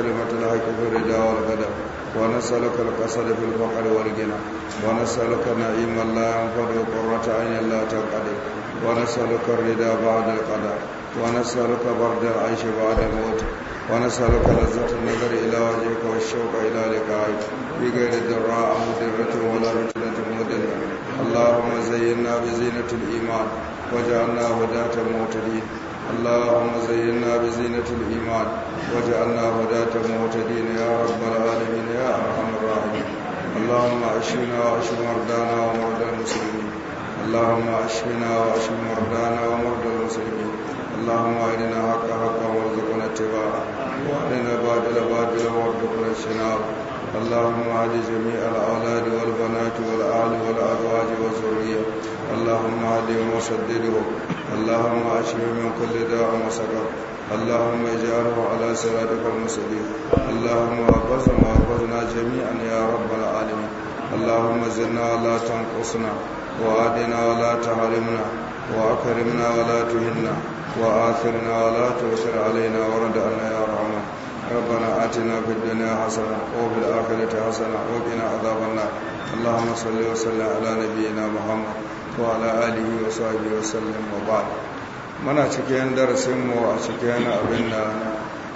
كلمة الحق في الرجاء والغدر ونسألك القصد في الفقر والغنى ونسألك نعيم لا ينفد وقرة عين لا تنقضي ونسألك الرداء بعد القضاء ونسألك برد العيش بعد الموت ونسألك لذة النظر إلى وجهك والشوق إلى لقائك بغير الدراء مدرة ولا فتنة مدلة اللهم زينا بزينة الإيمان وجعلنا هداة مهتدين اللهم زينا بزينة الإيمان واجعلنا هداة مهتدين يا رب العالمين يا أرحم الراحمين اللهم أشفنا وأشف مرضانا ومرضى المسلمين اللهم أشفنا وأشف مرضانا ومرضى المسلمين اللهم أرنا حق حقا وارزقنا اتباعه وأرنا باطل باطلا وارزقنا اجتنابه اللهم اهد جميع الأولاد والبنات والأهل والأزواج والذرية اللهم اهدهم وسددهم اللهم أشف من كل داء وسقم اللهم اجعله على صراطك المستقيم اللهم احفظنا واحفظنا جميعا يا رب العالمين اللهم زدنا ولا تنقصنا وعدنا ولا تحرمنا واكرمنا ولا تهنا وآثرنا ولا توسر علينا ورد أن يا رحمن ربنا آتنا في الدنيا حسنة وفي الآخرة حسنة وقنا عذاب النار اللهم صل وسلم على نبينا محمد وعلى آله وصحبه وسلم وبعد من cikin darasinmu a cikin abin da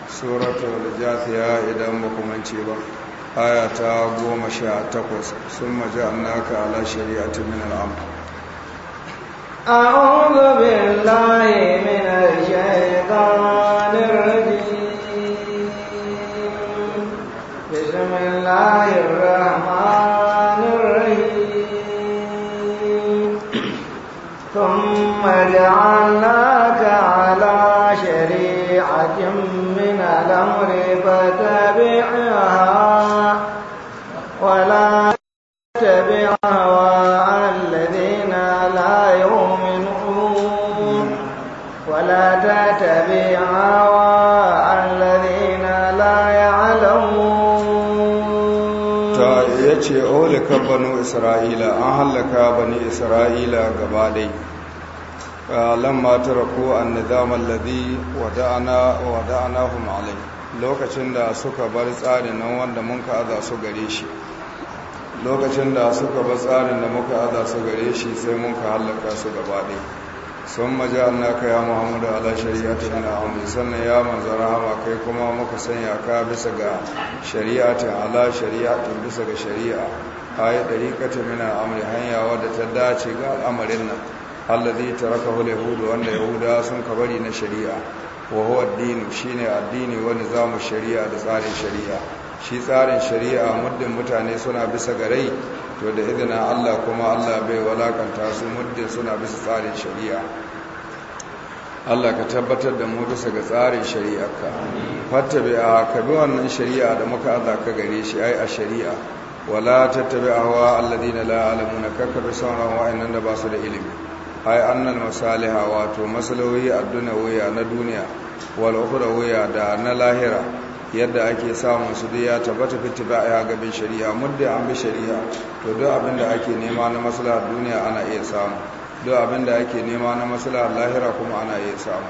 suratul jathiya idan ba kumance ba aya ta goma sha takwas sun maji annaka ala shari'ati min أعوذ بالله وجعلناك على شريعة من الأمر فتبعها ولا تتبع هواء الذين لا يؤمنون ولا تتبع هواء الذين لا يعلمون ta yace ole ka banu isra'ila an halaka bani isra'ila gaba dai lamma taraku an-nizam alladhi wada'ana wada'anahum alayhi lokacin da suka bar tsarin nan wanda mun ka aza su gare shi lokacin da suka bar tsarin da muka aza su gare shi sai mun ka halaka su gaba dai sun maja annaka ya muhammadu ala shari'ati min amri sannan ya manzo rahama kai kuma muka sanya ka bisa ga shari'atin ala shari'atin bisa ga shari'a ayi dariqati mina amri hanya wadda ta dace ga al'amarin nan allazi tarakahu al-yahud wanda yahuda sun kabari na shari'a wa huwa ad-din shine addini wa nizamu shari'a da tsarin shari'a shi tsarin shari'a muddin mutane suna bisa garai to da idina Allah kuma Allah bai walakanta su muddin suna bisa tsarin shari'a Allah ka tabbatar da mu bisa ga tsarin shari'arka fattabi'a ka bi wannan shari'a da muka ka gare shi ai a shari'a wala tattabi'a wa alladina la alamuna kakka bi sauran wa'annan da ba su da ilimi ai annal masaliha wato masalawi adduna waya na duniya wal ukhra waya da na lahira yadda ake samun su da ya tabbata fitiba'a ga gaban shari'a mudda an bi shari'a to duk abin da ake nema na maslaha duniya ana iya samu duk abin da ake nema na maslaha lahira kuma ana iya samu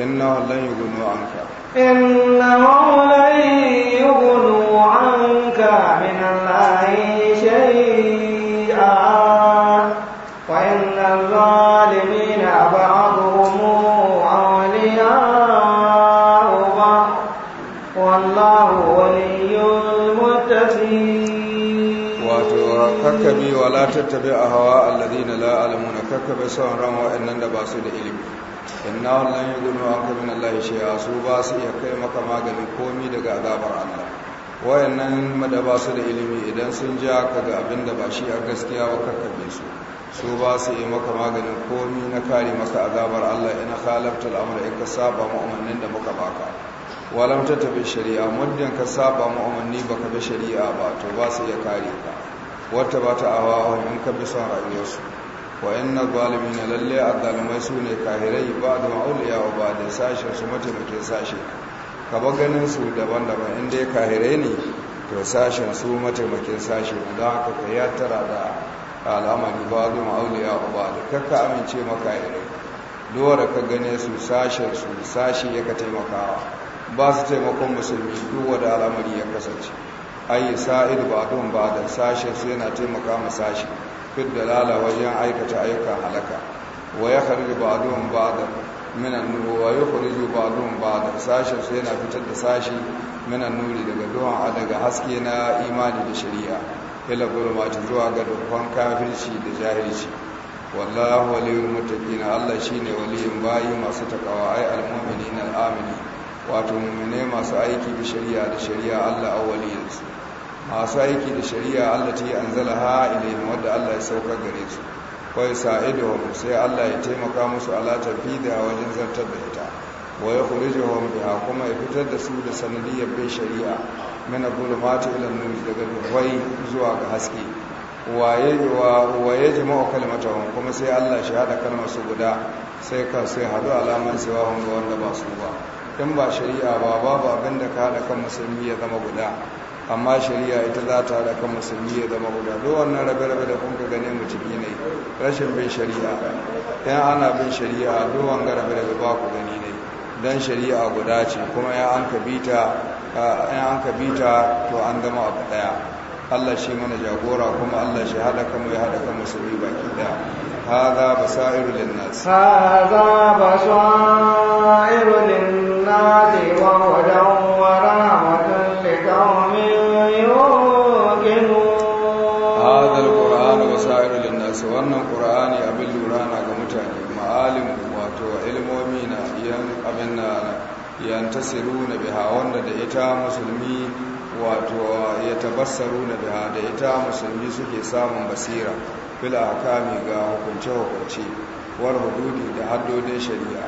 inna lan yughnu anka Inna lan yughnu anka min kakkabi wa la tattabi a hawa alladhina la alamuna kakkabe son ran wa'annan da ba su da ilimi inna wallan yudunu anka min allahi shay'a su ba su iya kai maka maganin komi daga azabar Allah wayannan da ba su da ilimi idan sun ja ka ga abin da ba shi a gaskiya ba kakkabe su su ba su yi maka maganin komi na kare maka azabar Allah ina khalafta al'amura in ka saba mu'minin da muka baka walam ta tabi shari'a muddin ka saba mu'mini baka bi shari'a ba to ba su iya kare ka wata ba ta awa in ka bi son ra'ayinsu wa in na zalimi na lalle a zalimai su ne kahirai ba da ma'auliya wa ba da sashen su mataimakin sashe ka ba ganin su daban-daban inda ya kahirai ne to sashen su mataimakin sashe ne don haka ka ya tara da al'amari ba da ma'auliya wa ba da kakka amince makahirai dole ka gane su sashen su sashe ya ka taimakawa ba su taimakon musulmi duk wada al'amari ya kasance ayi sa'id ba da sashe su yana taimaka ma sashe fit dalala wajen aikata ayyuka halaka wa ba don ba min minan nuru wa don ba da sashe su yana fitar da sashe min nuri daga a daga haske na imani da shari'a ila ta zuwa ga dukkan kafirci da jahilci wallahu waliyul muttaqin Allah shine waliyin bayi masu takawa ay al-mu'minina al-amini wato mummune masu aiki da shari'a da shari'a Allah awwaliyansu masu aiki da shari'a Allah ta yi anzala ha ilayhim wadda Allah ya sauka gare su wai sa'iduhum sai Allah ya taimaka musu ala tafida wajen zartar da ita wa yukhrijuhum biha kuma ya fitar da su da ya bai shari'a mana gulmatu ila nur daga dubai zuwa ga haske waye wa kalmata kalmatahum kuma sai Allah shi hada kalmar su guda sai ka sai hadu alamar siwa ga wanda ba su ba in ba shari'a ba babu abin da ka haɗa kan musulmi ya zama guda amma shari'a ita za ta haɗa kan musulmi ya zama guda zo wannan rabe-rabe da kun ka mu ciki ne rashin bin shari'a yan ana bin shari'a duk wanga rabe-rabe ba ku gani ne don shari'a guda ce kuma ya an ka bita to an zama abu ɗaya Allah shi mana jagora kuma Allah shi haɗa kan mu ya haɗa kan musulmi baki ɗaya هذا بصائر للناس هذا بصائر للناس وهدى ورحمة لقوم يوقنون هذا القرآن بصائر للناس وأن القرآن أبي اللوران كمتعني معالم واتو علمومينا أبننا yantasiruna biha ينتصرون بها وأن دعيتا wato ya يتبصرون بها دعيتا da سكي سام بصيرا a kame ga hukunce hukunce war hududi da haddodin shari'a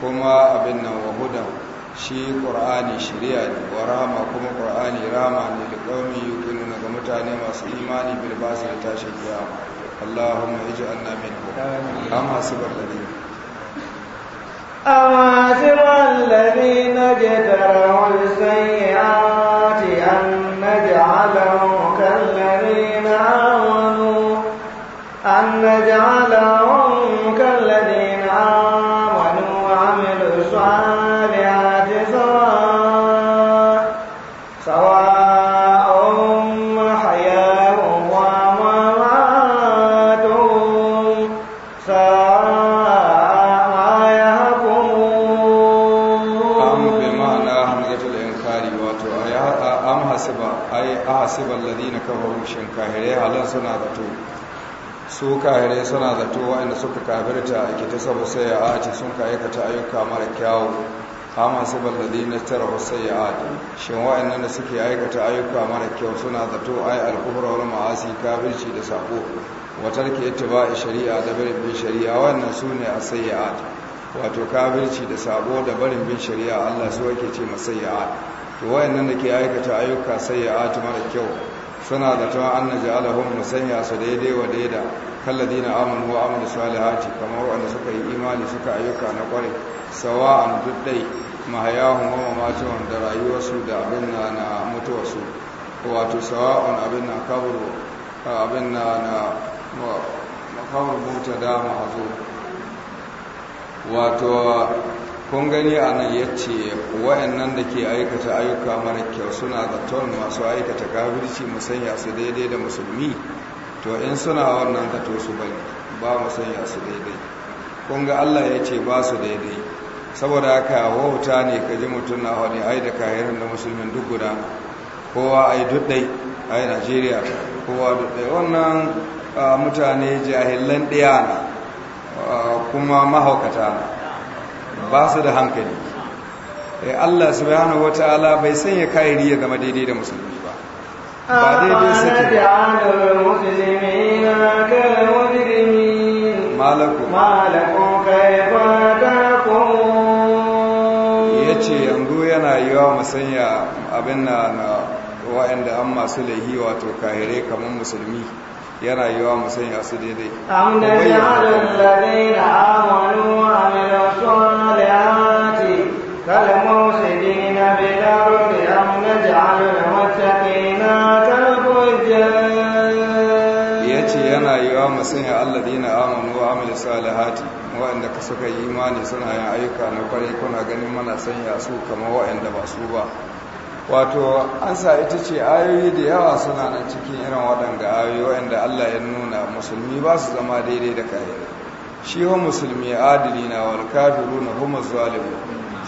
kuma abin nan wahudan shi qur'ani shari'a ne wa rama kuma qur'ani rama ne da qaumi yuqinuna ga mutane masu imani bil basir tashi A masu ij'alna na am hasiba alladhina أعاثر الذين جدروا السيئات أن نجعلهم نجعل su kahire suna zato waɗanda suka kafirta a ta sabu sai ya ati sun ka aikata ayyuka mara kyawu amma su balladi na tara sai ya ati shin waɗannan da suke aikata ayyuka mara kyau suna zato ai alkubra wani ma'asi kafirci da sako watar ke a shari'a da barin bin shari'a wannan su ne a sai ya ati wato kafirci da sabo da barin bin shari'a Allah su ake ce masai ya ati to waɗannan da ke aikata ayyuka sai ya ati mara kyau suna da an na alahun musanya su daidai wa daida kalladina amanu wa amanu salihati kamar wanda suka yi imani suka ayyuka na kware. sawa'an duddai mahayahun wa mamatuwan da rayuwarsu da abin na na mutuwarsu wato sawa'un abin na kaburu abin na na makawar buta da mahazo wato kun gani a nan ya ce wa'annan da ke aikata ayyuka mara kyau suna zaton masu aikata kafirci musanya su daidai da musulmi to in suna wannan ka to su bari ba mu sanya su daidai kun ga Allah ya ce ba su daidai saboda haka wauta ne ka ji mutum na wani ai da kayan da musulmin duk guda kowa ai duk dai ai Najeriya kowa duk dai wannan mutane jahilan na kuma mahaukata ba su da hankali eh, Allah subhanahu wataala bai sanya kairi game zama daidai da musulmi ba daidai suke malaku ya ce yanzu yana yi wa musanya abin na wa'anda an masu laihi wato kahire kamar musulmi yana yi wa musanya su daidai amma ya da amalu da ya وسقيناك yana يأتي masanya يوم سنة Amanu آمنوا وعملوا الصالحات wa'anda ka suka yi imani suna yin ayyuka na kwarai kuna ganin mana sanya su kamar wa'anda ba su ba wato an sa ita ce ayoyi da yawa suna nan cikin irin waɗanda ayoyi wa'anda Allah ya nuna musulmi ba su zama daidai da kayan shi wa musulmi adili na wal kafiru na humus zalimu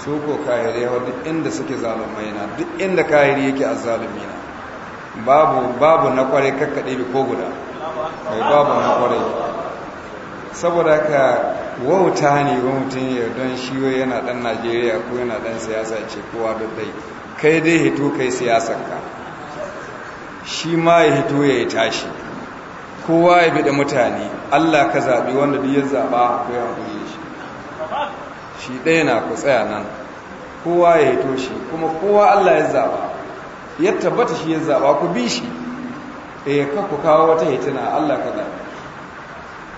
su ko kayare wa duk inda suke zalumai na duk inda kayare yake azzalumi na babu babu na kware kakkaɗe bi ko guda mai babu na kware saboda ka wauta ne wa mutum ya don shi yana ɗan najeriya ko yana ɗan siyasa ce kowa duk dai kai dai hito kai siyasar ka shi ma ya hito ya yi tashi kowa ya bi da mutane allah ka zaɓi wanda duk ya zaɓa ko hankali shi ɗaya na ku tsaya nan kowa ya yi toshi, kuma kowa Allah ya zaba ya tabbata shi ya zaba ku bi shi eh ka ku kawo wata hitina Allah ka zaɓa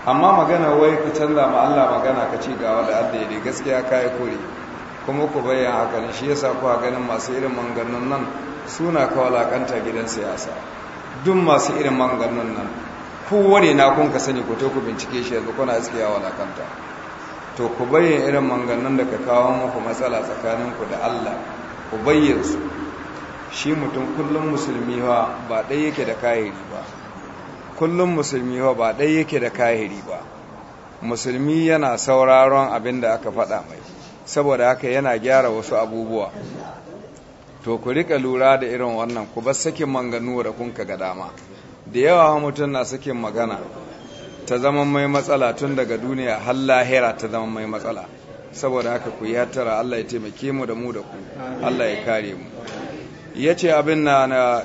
amma magana wai ku canza ma Allah magana ka ci gawa da adda ya gaskiya ka yi kore kuma ku bayyana hakan shi ya sa kuwa ganin masu irin manganun nan suna kawalakanta gidan siyasa duk masu irin manganun nan kowane na kun ka sani ku to ku bincike shi yanzu kuna iskiya ya walakanta to ku bayyana irin manganan da ka kawo muku matsala tsakaninku da Allah ku bayyana su shi mutum kullum musulmi ba ɗaya yake da kahiri ba kullum musulmi ba ɗaya yake da kahiri ba musulmi yana sauraron abin da aka faɗa mai saboda haka yana gyara wasu abubuwa to ku rika lura da irin wannan ku bar sakin manganu da kunka ga dama da yawa mutum na sakin magana ta zama mai matsala tun daga duniya har lahira ta zama mai matsala saboda haka ku yi hattara Allah ya taimake mu da mu da ku Allah ya kare mu yace ce abin na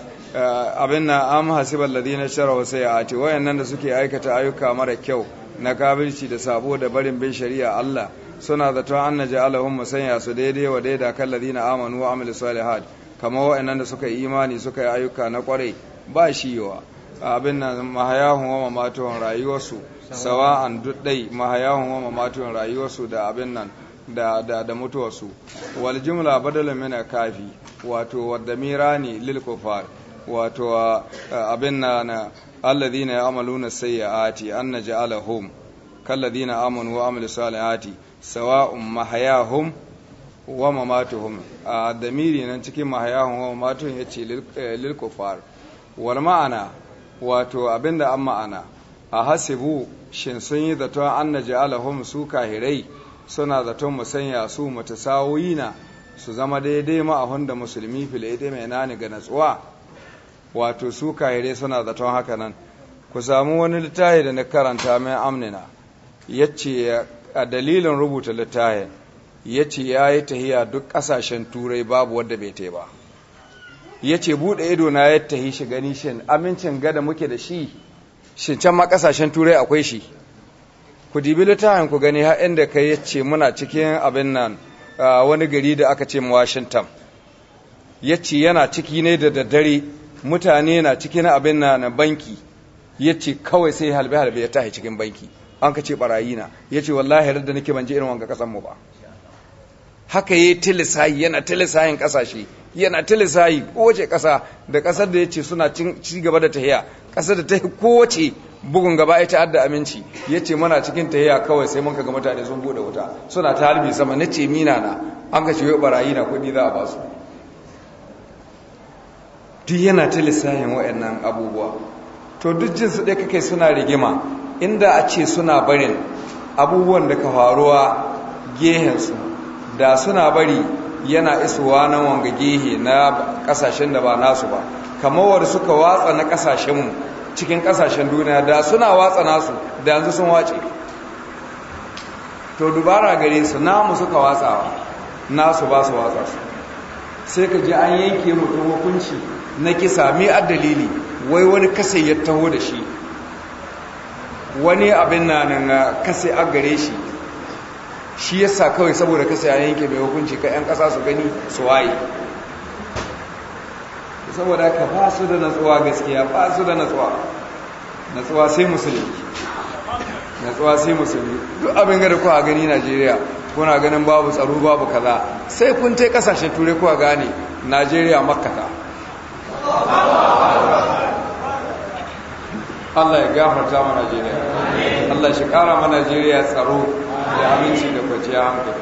abin na am hasibar ladina sharu sai ati wayannan da suke aikata ayyuka mara kyau na kabirci da sabo da barin bin shari'a Allah suna zato an na ja'alahum musanya su daidai wa daida kan ladina amanu wa amilu salihat kamar wayannan da suka yi imani suka yi ayyuka na kwarai ba shi yawa. abin nan mahayahun wa mamatuwan rayuwarsu sawa an ɗai mahayahun wa mamatuwan rayuwarsu da abin nan da da da mutuwarsu wal jumla badalun min kafi wato wadda mirani lil kufar wato abin nan alladhina ya'maluna sayyi'ati an naj'alahum kalladhina amanu wa amilu salihati sawa'un mahayahum wa mamatuhum a damiri nan cikin mahayahun wa mamatuhum yace lil eh, kufar wal ma'ana wato abinda an ma'ana a hasibu shin sun yi zaton an na ja'alahum su kahirai suna zaton mu sanya su na su zama daidai ma'ahun da musulmi filaidai mai nani ga natsuwa wato su kahirai suna zaton haka nan ku samu wani littafi da na karanta mai amnina ce a dalilin rubuta littafin ya yayi tahiya duk kasashen turai babu wadda bai tai ba yace bude ido na ya tahi shi gani shin amincin gada muke da shi shin can ma kasashen turai akwai shi ku dibi littafin ku gani har inda kai yace muna cikin abin nan wani gari da aka ce mu Washington yace yana ciki ne da daddare mutane na cikin abin nan banki yace kawai sai halbe halbe ya tahi cikin banki an ka ce barayi na yace wallahi da nake ban je irin wanga kasan mu ba haka ya yi tilisayi yana tilisayin kasashe yana tilisayi kowace kasa da kasar da ya ce suna ci gaba da tahiya kasar da ta kowace bugun gaba ya ta'adda aminci ya ce mana cikin tahiya kawai sai mun kaga mutane sun bude wuta suna ta harbi sama na ce mina na an ka shiga barayi na kuɗi za a ba su duk yana tilisayin wa'annan abubuwa to duk jin su ɗaya kake suna rigima inda a ce suna barin abubuwan da ka faruwa gehensu da suna bari yana isowa na wanga gehe na kasashen da ba nasu ba kamar suka watsa na kasashenmu cikin kasashen duniya da suna watsa nasu da yanzu sun wace to dubara gare su namu suka watsawa nasu ba su watsa su sai ka ji an yanke mutum hukunci na kisa mai addalili wai wani kasa ya taho da shi wani abin na nan kasa a gare shi shi yasa kawai saboda kasa saya yanke mai hukunci ka yan kasa su gani su waye saboda ka ba su da natsuwa gaskiya ba su da natsuwa natsuwa sai musulmi natsuwa sai musulmi duk abin gada kuwa gani najeriya kuna ganin babu tsaro babu kaza sai kun ce kasashe turai kuwa gane najeriya makata Allah ya gafarta ma Najeriya. Allah shi kara ma Najeriya tsaro da aminci da kwanciya hankali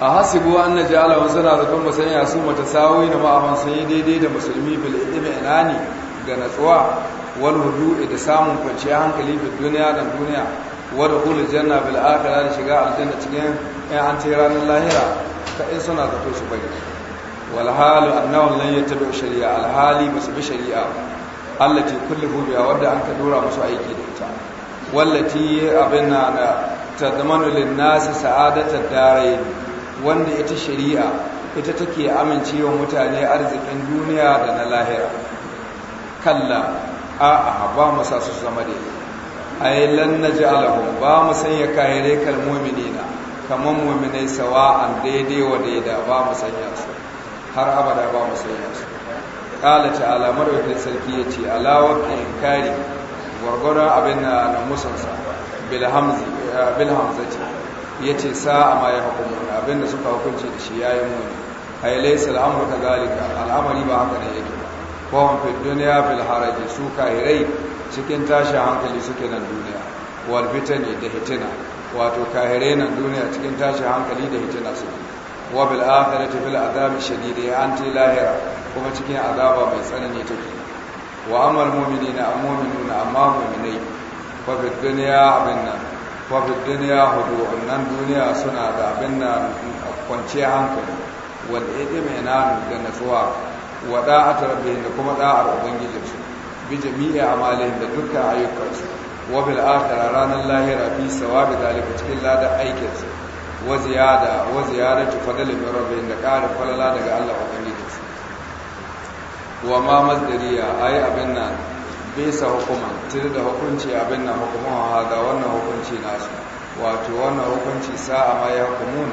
a hasibu an na jala wasu na zaton musanya su mata sawoyi na maa sun yi daidai da musulmi bil inani ga natsuwa wani hudu da samun kwanciya hankali da duniya da duniya wadda kulu janna bil da shiga aljanna cikin yan an ce ranar lahira ka in suna zato su bari wal annawan annahu ta yattabi shari'a alhali masu su bi shari'a allati kullu biha wadda an ka dora masu aiki da ita wallati abin na tadmanu linnasi sa'adatar darain wanda ita shari'a ita take amincewa mutane arzikin duniya da na lahira kalla a'a ba mu su zama da ai lan naj'alahum ba mu sanya kayyare kal mu'minina kaman mu'minai an daidai wa daida ba mu sanya su har abada ba mu sanya su qala ta'ala madaukakin sarki yace alawa inkari gwargwara abin na namusansa ce ya ce sa ma ya hukumu abin da suka hukunci da shi ya yi muni a yi laisa al'amur ka galika al'amari ba haka ne yake kawon fi duniya fil haraji su kahirai cikin tashin hankali suke nan duniya wal fitani da hitina wato kahirai nan duniya cikin tashin hankali da hitina suke wa bil akhirati fil azabi shadid ya anti lahira kuma cikin azaba mai tsanani take wa amal mu'minina mu'minuna amma mu'minai fa fi dunya abin nan fa fi hudu hudu'un nan duniya suna da abin nan kwance hankali mai nanu da natsuwa wa ɗa'atar rabbihim da kuma ɗa'ar ubangijinsu bi jami'i amalihim da dukkan ayyukansu wa bil akhirah ranar lahira fi sawabi zalika cikin ladan aikinsu wa ziyada wa ziyadatu fadli min rabbihim da ƙara falala daga Allah ubangiji wa ma mazdariya ai abin nan bisa hukuma tare da hukunci abin nan hukuma hada wannan hukunci nasu wato wannan hukunci sa'a ma ya hukumun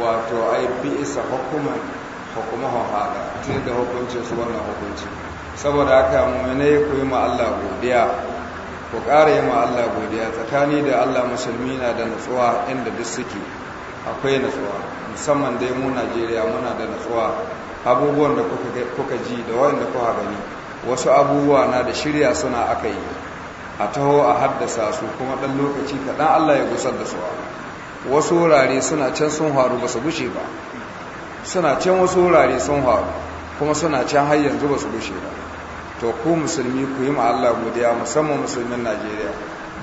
wato ai bisa hukuman hukuma hada tare da hukunci su wannan hukunci saboda haka mu'mine ku yi ma Allah godiya ku kare ma Allah godiya tsakani da Allah musulmi na da natsuwa inda duk suke akwai natsuwa musamman dai mu Najeriya muna da natsuwa abubuwan da kuka ji da da kuka gani wasu abubuwa na da shirya suna aka yi a taho a haddasa su kuma ɗan lokaci kaɗan Allah ya gusar da su wasu wurare suna can sun haru ba su gushe ba suna can wasu wurare sun haru kuma suna can har yanzu ba su gushe ba to ku musulmi ku yi ma Allah godiya musamman musulmin Najeriya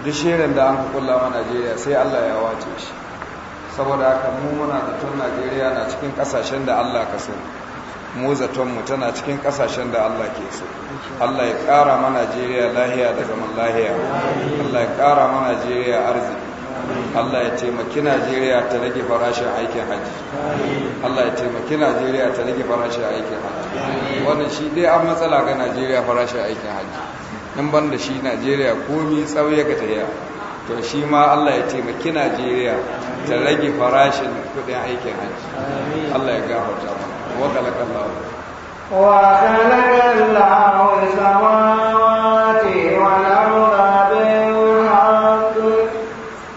duk shirin da an kula ma Najeriya sai Allah ya wace shi saboda haka mu muna da tun Najeriya na cikin kasashen da Allah ka so mu tana cikin kasashen da Allah ke so Allah ya ƙara ma Najeriya lahiya da zaman lahiya Allah ya ƙara ma Najeriya arziki Allah ya taimaki Najeriya ta rage farashin aikin hajji Allah ya taimaki Najeriya ta rage farashin aikin hajji wannan shi dai an matsala ga Najeriya farashin aikin hajji in ban da shi Najeriya komi tsauye ga tahiya to shi ma Allah ya taimaki Najeriya ta rage farashin kudin aikin hajji Allah ya gafarta mana وخلق الله وخلق الله السماوات والأرض بالحق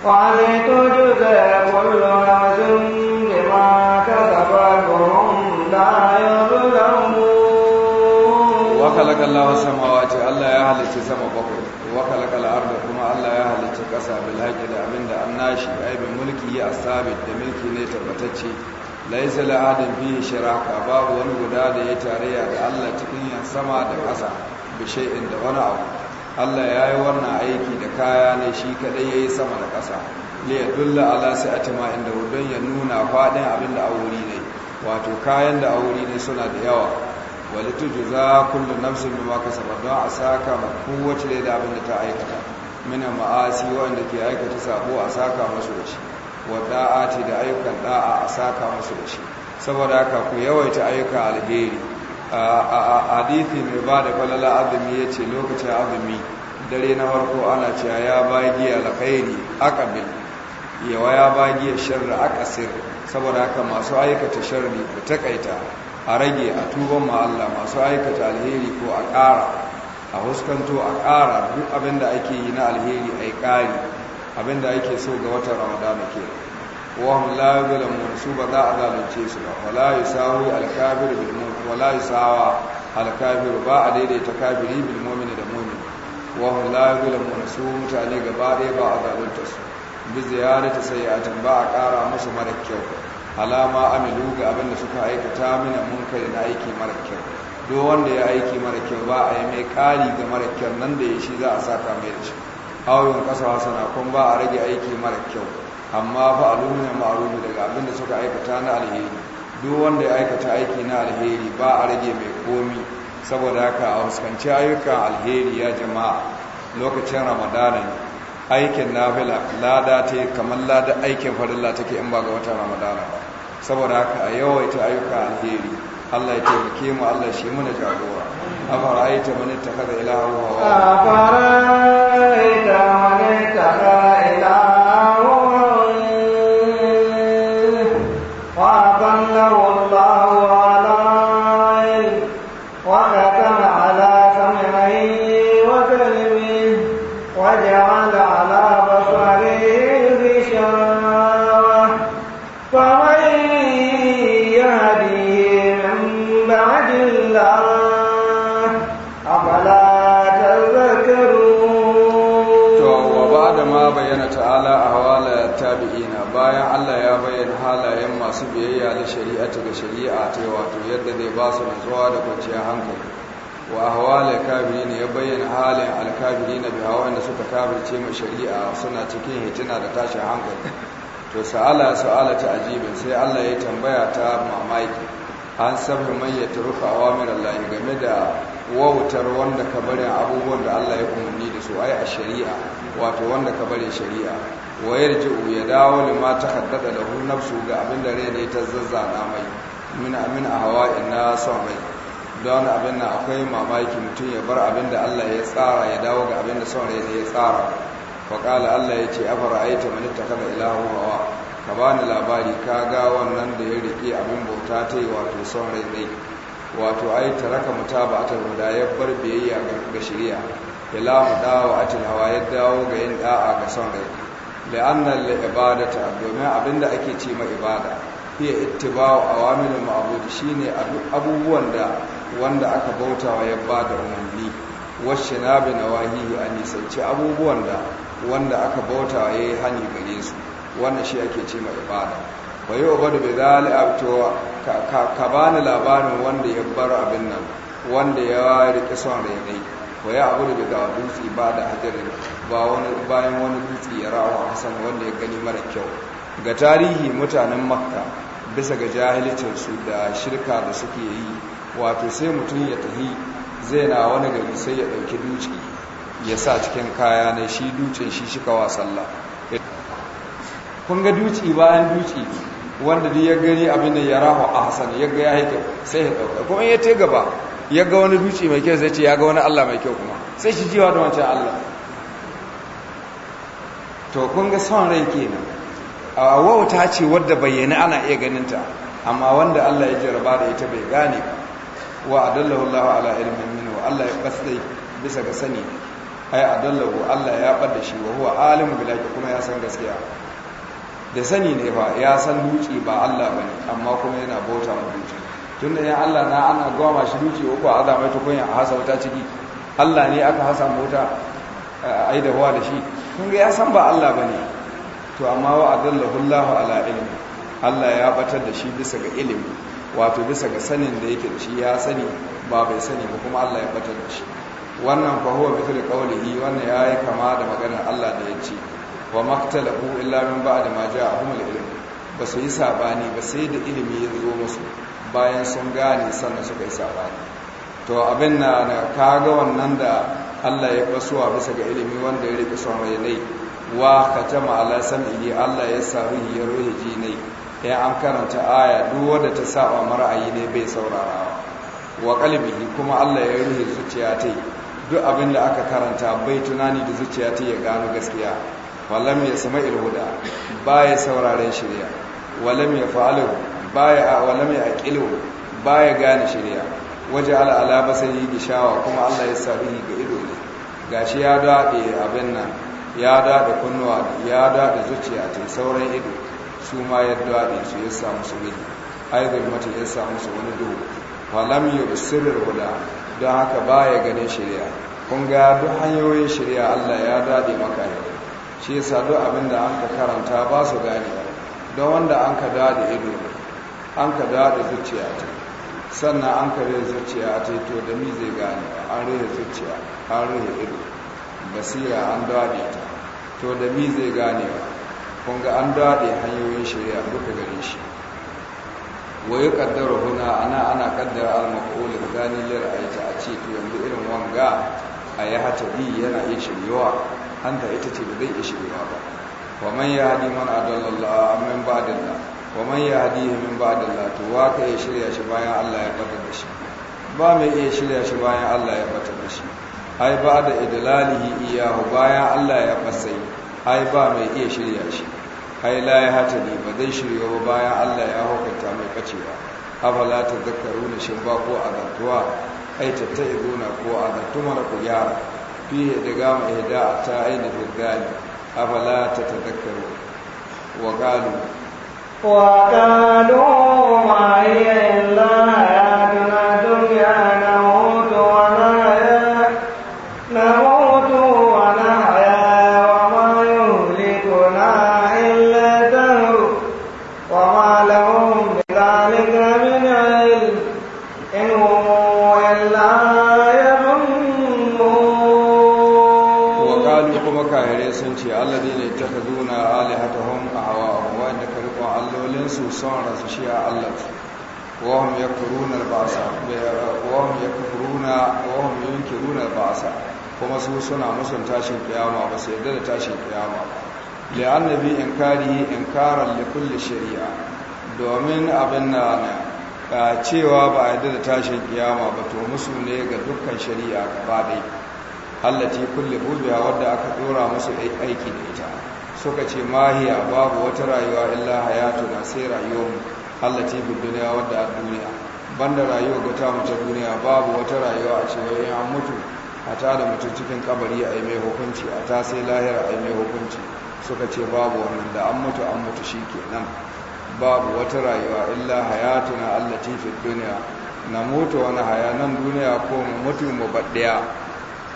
وعليت جزء كل نفس بما كسبت وهم لا يظلمون وخلق الله السماوات الله يا أهل السماء بقول وخلق الأرض كما الله يا أهل السماء بالحق da abin da an nashi aibin mulki ya asabit da mulki ne tabbatacce laisa la'adin fiye shiraka babu wani guda da ya tarayya da Allah cikin yan sama da ƙasa bishe'in da wani abu Allah ya yi wannan aiki da kaya ne shi kaɗai ya yi sama da ƙasa ne ya dulla ala sai a tima inda wudan ya nuna fadin abin da wuri ne wato kayan da wuri ne suna da yawa wani tuju za kullum nafsin bi maka saba don a saka ma kowace da abin da ta aikata mina ma'asi wanda ke aikata sabo a saka masu da wa da'ati da ayyukan da'a a saka musu da shi saboda haka ku yawaita ayyuka alheri a hadithi mai ba da falala azumi ya ce lokacin azumi dare na farko ana cewa ya bagi alkhairi aka yawa ya bagi sharri aqasir saboda haka masu aikata sharri ku takaita a rage a tuban ma Allah masu aikata alheri ko a ƙara a huskanto a ƙara duk abinda ake yi na alheri a yi ƙari abinda ake so ga watan ramadana ke wahum la yuzlamun ba za a zalunce su ba wala yusawi al-kafir bil wala yusawa al-kafir ba a daidaita kafiri bil da mu'min wahum la yuzlamun mutane gaba ɗaya ba a zalunta su bi a sayyi'atin ba a ƙara musu mara kyau alama amilu ga abinda suka aikata mina kai na aiki mara kyau duk wanda ya aiki mara kyau ba a yi mai ƙari ga mara kyau nan da ya shi za a saka mai da shi awon kasa hasana kun ba a rage aiki mara kyau amma fa lumina ma'arufi daga abin da suka aikata na alheri duk wanda ya aikata aiki na alheri ba a rage mai komi saboda haka a fuskanci ayyukan alheri ya jama'a lokacin ramadana ne aikin nafila lada ta yi kamar lada aikin farilla take in ba ga watan ramadana ba saboda haka a yawaita ayyukan alheri Allah ya taimake mu Allah shi muna jagora أفرأيت من اتخذ إلهه هواه أفرأيت من اتخذ ta'ala a hawala tabi'ina bayan Allah ya bayyana halayen masu biyayya da shari'a ga shari'a ta wato yadda zai ba su nutsuwa da kwanciyar hankali wa hawala kafirina ya bayyana halayen alkabiri bi hawan da suka kafirce ma shari'a suna cikin hitina da tashin hankali to sa'ala sa'ala ta ajibin sai Allah ya tambaya ta mamaki an sabu mayyata ya turuka awamir Allah game da wautar wanda ka bari abubuwan da Allah ya umarni da su ai a shari'a wato wanda ka bari shari'a Wayar ji'u ya dawo lima ta haddada lahu su ga abin da rai ne ta zazzana mai min amin a hawa ina son mai don abin na akwai mamaki mutum ya bar abin da Allah ya tsara ya dawo ga abin da son rai ne ya tsara faƙala Allah ya ce afara aita mani ta kada ilahu ka bani labari ka ga wannan da ya rike abin bauta ta yi wato son rai ne wato ai taraka muta ba ta da ya bar biyayya ga shirya. ya lamu dawo a tilawa ya dawo ga yin da'a ga son rai la'annan la ibadata domin da ake ce ma ibada hiya awamin ma'abudu shi ne abubuwan da wanda aka bauta wa ya ba da umarni washe na bi wahiyu a nisanci abubuwan da wanda aka bauta wa ya yi hani gare su wannan shi ake ce mai ibada wa yi obadu bai zali abto ka bani labarin wanda ya bar abin nan wanda ya riƙe son rene wa ya abu da bai da dutse ba da hajjarin bayan wani dutse ya rawa hasan wanda ya gani mara kyau ga tarihi mutanen makka bisa ga jahilcinsu da shirka da suke yi wato sai mutum ya tahi zai na wani gari sai ya ɗauki duci ya sa cikin kaya na shi ducin shi shika wa sallah kun ga duci bayan duci wanda duk ya gani abin da ya rahu a hasan ya ga ya haike sai ya dauka kuma ya te gaba ya ga wani duci mai kyau sai ce ya ga wani Allah mai kyau kuma sai shi jiwa da wancan Allah to kun ga son rai kenan a wauta ce wadda bayyana ana iya ganin ta amma wanda Allah ya jaraba da ita bai gane ba wa adallahu Allah ala ilmin wa Allah ya kasai bisa ga sani ai adallahu Allah ya bada shi wa huwa alimu bilaki kuma ya san gaskiya da sani ne ba ya san duci ba Allah ba ne amma kuma yana bauta ma duci tun da ya Allah na ana ma shi duci uku a azamai tukunya a hasa wuta ciki Allah ne aka hasa mota a yi huwa da shi kun ga ya san ba Allah ba ne to amma wa adallahu Allah ala ilmi Allah ya batar da shi bisa ga ilimi wato bisa ga sanin da yake da shi ya sani ba bai sani ba kuma Allah ya batar da shi wannan fa huwa mithlu qawlihi wannan yi kama da maganar Allah da ya ce wa maktalahu illa min ba'da ma ja'ahum al-ilm ba su yi sabani ba sai da ilimi ya zo musu bayan sun gane sannan suka yi sabani to abin na kaga wannan da Allah ya basuwa bisa ga ilimi wanda ya rike son rai wa katama ala sam'i Allah ya saru ya ji jinai ya an karanta aya duk wanda ta saba mara'ayi ne bai saurara wa qalbihi kuma Allah ya ruhi zuciya ta duk abin da aka karanta bai tunani da zuciya ta ya gano gaskiya walam ya sama ilhuda ba ya sauraren shirya walam ya fa'alu ba ya walam ya aqilu ba ya gane shirya waje ala ala basari gishawa kuma Allah ya sa sabihi ga ido ne gashi ya dade abin nan ya dade kunnuwa ya dade zuciya ta sauran ido su ma ya dade su ya sa musu gidi Haifar mata ya sa musu wani duhu ya yubsirul huda don haka ba ya ganin shirya kun ga duk hanyoyin shirya Allah ya daɗe maka ne shi yasa duk abin da an ka karanta ba su gane don wanda an ka da da ido an ka da da zuciya ta sannan an ka rage zuciya ta to da mi zai gane an rage zuciya an rage ido basira an dade ta to da mi zai gane kun ga an dade hanyoyin shari'a duka gare shi wa kaddar kaddara huna ana ana kaddara al-maqul gani lir aita a ce to yanzu irin wanga a yi hatabi yana iya shiryawa hanta ita ce ba zai iya shigewa ba wa man yahdi man adalla amman badalla wa man yahdihi min badalla to wa ka ya shirya shi bayan Allah ya bata da shi ba mai iya shirya shi bayan Allah ya bata da shi ai ba da idlalihi iyahu bayan Allah ya fasai ai ba mai iya shirya shi ai la ya hata ne ba zai shirya ba bayan Allah ya hukunta mai kacewa afala ta zakaru ne shin ba ko gantuwa ai tattaizuna ko gantuwa ku gyara fiye da gama yi ta aini firgani afala ta tadakkaru wa qalu wa su son rasu shi a Allah wahum ya kuruna basa wahum yakuruna wahum yunkiruna al-ba'sa kuma su suna musun tashin kiyama ba su yadda da tashin kiyama li annabi inkari inkaran li kulli shari'a domin abin na cewa ba a yadda da tashin kiyama ba to musu ne ga dukkan shari'a gaba dai allati kulli bubiya wadda aka dora musu aiki da ita suka ce mahiya babu wata rayuwa illa na sai rayuwarmu allati bid duniya wadda a duniya banda rayuwa ga ta mutu duniya babu wata rayuwa a cewa in an mutu a ta da mutu cikin kabari a yi mai hukunci a ta sai lahira a yi mai hukunci suka ce babu wannan da an mutu an mutu shi ke nan, babu wata rayuwa illa na allati fid duniya na mutu wani haya nan duniya ko mutu mu baɗaya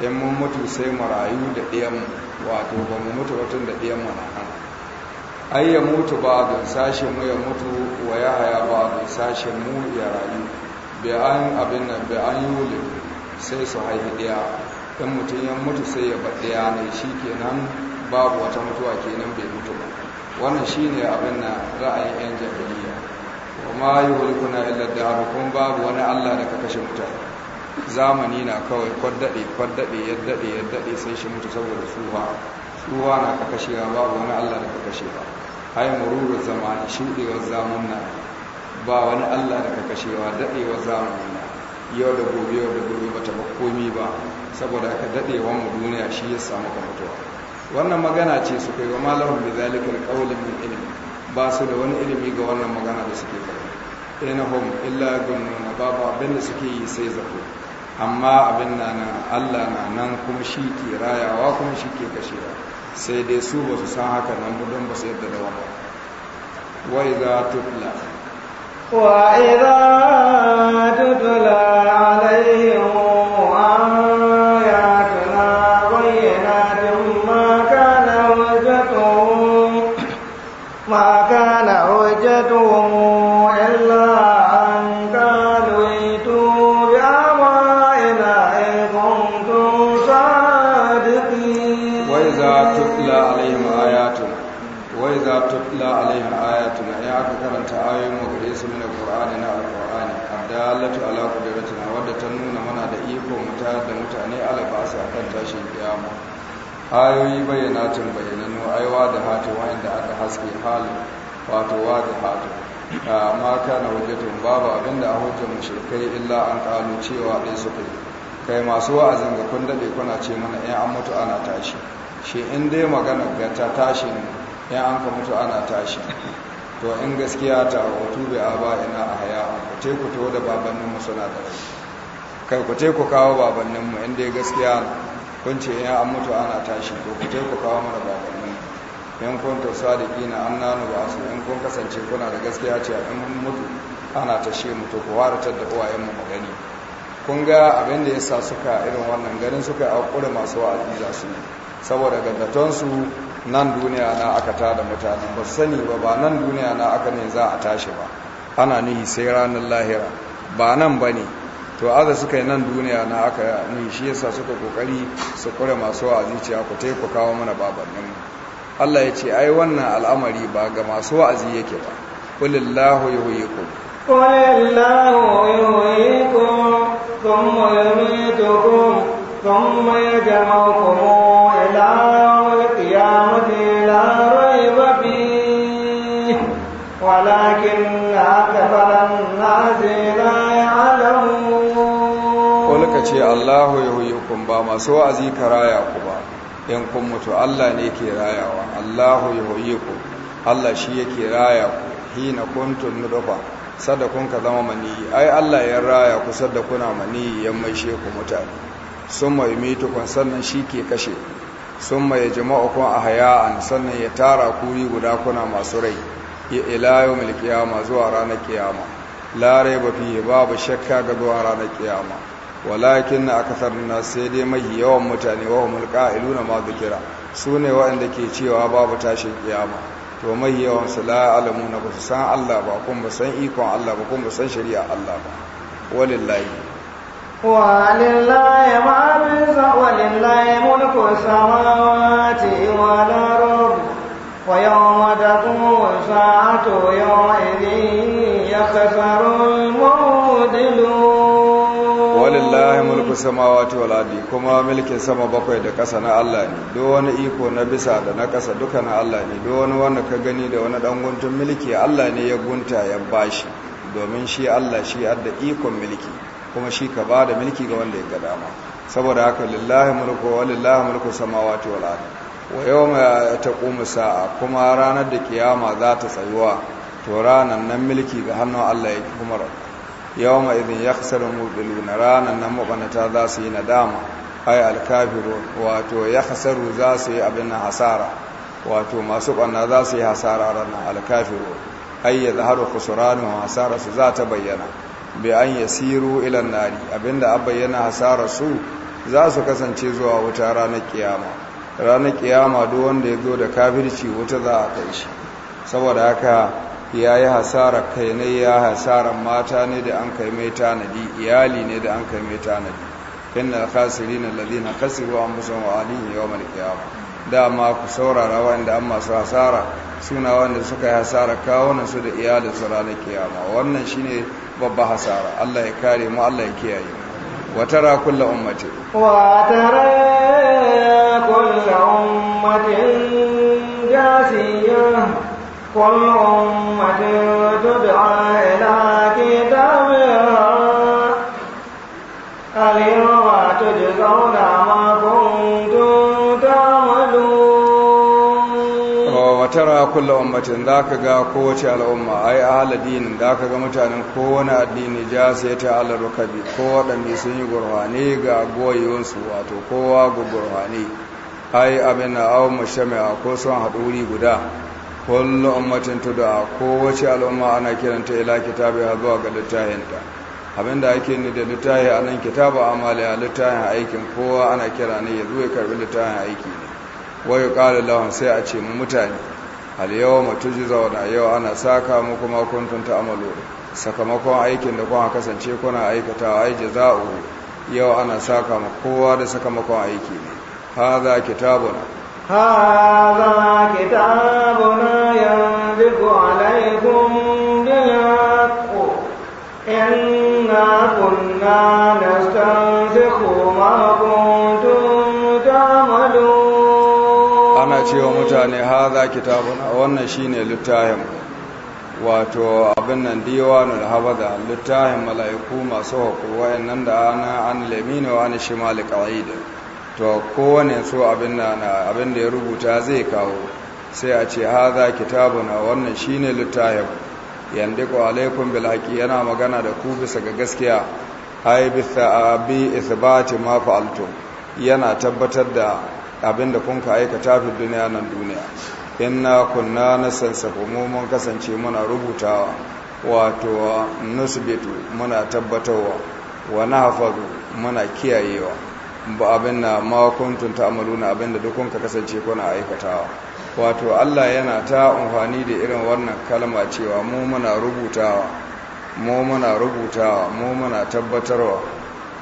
in mun mutu sai mu rayu da ɗiyanmu wato ba mu mutu watan da ɗiyanmu na hana. ai ya mutu ba don sashen mu ya mutu wa ya haya ba don sashen mu ya rayu bai an abin nan bai an wuli sai su haifi ɗiya in mutum ya mutu sai ya ba ya ne shi kenan babu wata mutuwa kenan bai mutu ba wannan shi ne abin nan ra'ayin 'yan jabiliya wa ma yi hulikuna illa da kuma babu wani allah da ka kashe mutane zamani na kawai kwaddaɗe kwaddaɗe ya daɗe ya daɗe sai shi mutu saboda suwa. Suwa na ka kashe ba babu wani allah da ka kashe ba hai mururu zamani shuɗewar zamanna ba wani allah da ka kashe ba daɗewar zamanna yau da gobe yau da gobe bata ba komi ba saboda ka daɗewar mu duniya shi ya samu ka mutuwa wannan magana ce su kai wa malamin bi zalika alqawlin min ilmi ba su da wani ilimi ga wannan magana da suke kai hom illa gunnuna babu abin da suke yi sai zato amma abin na nan allah na nan kuma shi ke rayawa kuma shi ke kashewa sai dai su ba su san haka nan don ba su yadda da wani wai za tukla wa idan alayhi wa tutla alaihim na ya aka karanta ayoyin mu su mina alqur'ani na alqur'ani adalatu ala qudratina wadda ta nuna mana da iko muta da mutane alabasa akan tashin kiyama ayoyi bayyana bayyananu aiwa da hatu wanda aka haske hali wato wa da hatu ma kana hujjatun babu abinda a hujjar mushrikai illa an kalu cewa dai su yi kai masu wa'azin ga kun kuna ce mana in eh, an mutu ana tashi shi in dai magana ga ta tashi ne ya an ka mutu ana tashi to in gaskiya ta hutu bai ba ina a haya ku te ku to da mu suna da rai kai ku te ku kawo mu inda ya gaskiya kun ce ya an mutu ana tashi to ku te ku kawo mana babannin yan kun to sadiki na an nanu ba su yan kun kasance kuna da gaskiya ce in mun mutu ana tashe mu to ku waratar da uwayen mu magani kun ga abin da yasa suka irin wannan ganin suka yi masu wa'azi za su yi saboda gaggatonsu nan duniya na aka tada mutane ba sani ba ba nan duniya na aka ne za a tashi ba ana nihi sai ranar lahira ba nan ba ne to aza suka yi nan duniya na aka nihi shi yasa suka kokari su kure masu wa'azi cewa ku ku kawo mana babannin Allah ya ce ai wannan al'amari ba ga masu wa'azi yake ba kulillahu yuhyikum kulillahu yuhyikum thumma yumitukum thumma yajma'ukum ila ولكن أكثر الناس لا يعلمون قل كشي الله يهيكم بما سوى أزيك رايكم in kun mutu Allah ne ke rayawa Allahu yuhyiku Allah shi yake raya ku hina kuntum nudfa sadda kun ka zama mani ai Allah ya raya ku sadda kuna mani ya maishe ku mutane summa kun sannan shi ke kashe summa a ahya'an sannan ya tara ku guda kuna masu rai ila yawmil qiyama zuwa ranar kiyama la rayba fihi babu shakka ga zuwa ranar kiyama walakin na akasar na sai dai mai yawan mutane wa humul qa'iluna ma dhikra sune wanda ke cewa babu tashin kiyama to mai yawan su la alamu na ba su san Allah ba kun ba san ikon Allah ba kun ba san shari'a Allah ba walillahi ولله ما ولله ملك السماوات والأرض ويوم الشفاعة يومئذ يخسر المعدلون ولله ملك السماوات والأرض كما ملك السماء بقوي da ƙasa na Allah ne duk wani iko na bisa da na ƙasa duka na Allah ne duk wani wanda ka gani da wani dan guntun milki Allah ne ya gunta ya bashi domin shi Allah shi da iko milki kuma shi ka bada milki ga wanda ya ga dama saboda haka lillahi mulku wa lillahi mulku samawati wal ardi wa yau mai ta sa'a kuma ranar da kiyama za ta tsayuwa to ranar nan milki ga hannun Allah ya kuma yau mai izin ya kasar mubilu na ranar nan mabanata za su yi nadama ai alkafiru wato ya kasar za su yi abin na hasara wato masu ƙwanna za su yi hasara ranar alkafiru ai ya zaharu kusuranu hasara su za ta bayyana bai an ya siru ilan nari abinda a bayyana hasara su za su kasance zuwa wuta ranar kiyama ranar kiyama duk wanda ya zo da kafirci wuta za a kai shi saboda haka ya yi hasara kai ne ya hasara mata ne da an kai mai tanadi iyali ne da an kai mai tanadi inna na alladhina an anfusahum wa ahlihim yawm mai kiyama dama ku saurara wanda an masu hasara suna wanda suka yi hasara kawo na su da iyalinsu ranar kiyama wannan shine babba hasara Allah ya kare mu Allah ya kiyaye mu وترى كل أمة وترى كل أمة جاسية كل أمة تدعى إلى كتابها اليوم تجزون ما كنتم tara kulla ummatin za ka ga kowace al'umma ai a dinin za ka ga mutanen kowane addini ja sai ta ala rukabi ko waɗanda sun yi gurhane ga goyonsu wato kowa ga gurhane ai abin na awon mashami'a ko sun haɗuri guda kulla ummatin tuda kowace al'umma ana kiranta ila kitabi ha zuwa ga littahinta abin da ake ni da littahi a nan kitabu amali a littahin aikin kowa ana kira ne ya zuwa ya karɓi littahin aiki ne wai ƙara lahun sai a ce mu mutane aliyawa ji zauna yau ana saka muku makuntun amalu sakamakon aikin da kuma kasance kuna aikata ai jaza'u yau ana saka ma kowa da sakamakon aiki ne hadha kitabuna hadha kitabuna yanziku alaikum bil haqq ina kunna nastanzikhu ma kuntum ce wa mutane ha za kitabuna wannan shine littahim wato abin nan diwanul habada littahim mala'iku masu haƙo wayannan da ana an lamina wa an shimal qaid to kowane so abin nan abin da ya rubuta zai kawo sai a ce ha za kitabuna wannan shine littahim yandiku alaikum bil haqi yana magana da ku bisa ga gaskiya a bi tha'abi ithbati ma fa'altum yana tabbatar da abinda kun ka aikata fi duniya nan duniya inna kunna nasansafu mu mun kasance muna rubutawa wato nusbitu muna tabbatarwa wa nahfazu muna kiyayewa ba abin na ma kuntum ta'maluna abin da dukkan ka kasance kuna aikatawa wato Allah yana ta amfani da irin wannan kalma cewa mu muna rubutawa mu muna rubutawa mu muna tabbatarwa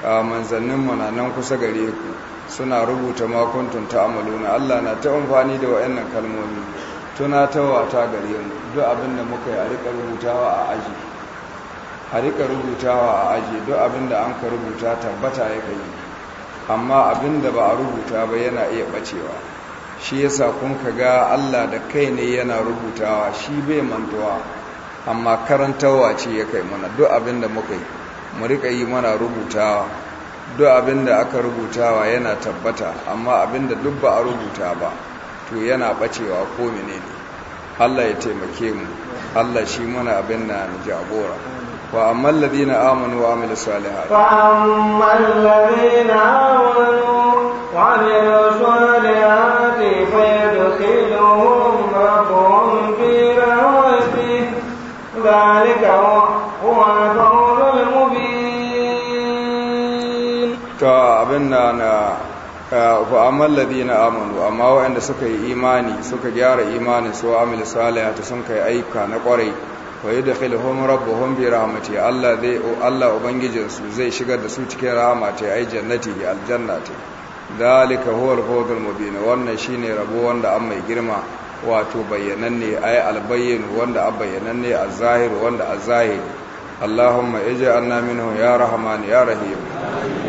manzannin mu na nan kusa gare ku suna rubuta makuntun ta'amaluna Allah na ta amfani da wayannan kalmomi tunatawa ta gare mu duk abin muka yi a rika rubutawa a aji a rika rubutawa a aji duk abin an ka rubuta tabbata ya kai amma abin ba a rubuta ba yana iya bacewa shi yasa kun ka ga Allah da kai ne yana rubutawa shi bai mantuwa amma karantawa ce ya kai mana duk abin muka yi mu rika yi mana rubutawa duk abin da aka rubutawa yana tabbata amma abin da duk ba a rubuta ba to yana bacewa ko ne Allah ya taimake mu Allah shi muna abin na jagora wa amma alladhina amanu wa amilus salihat wa amma alladhina amanu wa fa rabbuhum fi rahmatihi dhalika huwa to abin na na fa'amman eh, ladina amanu amma waɗanda suka yi imani suka gyara imani su amil ta sun kai aika na kwarai wa da filhom rabbuhum bi rahmati Allah zai Allah ubangijinsu zai shigar da su cikin rahama ta ai jannati aljanna aljannati dalika huwa al-fawzul mubin wannan shine rabo wanda an mai girma wato bayyananne ai albayyin wanda an bayyananne azahir wanda azahir Allahumma ij'alna minhu ya rahman ya rahim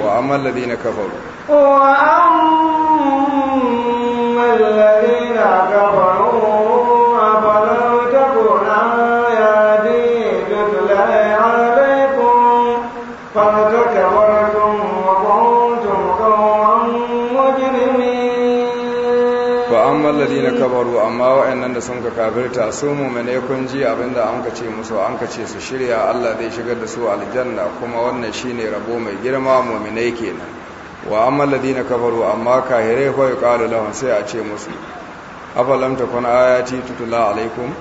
وأما الذين كفروا وأما الذين كفروا na kabaru amma wa'annan da sun ka kafirta su mu'mine kun ji abinda an ka ce musu an ka ce su shirya Allah zai shigar da su aljanna kuma wannan shine rabo mai girma muminai kenan wa amma na kabaru amma kahire fa yuqalu lahum sai a ce musu afalam takun ayati tutula alaikum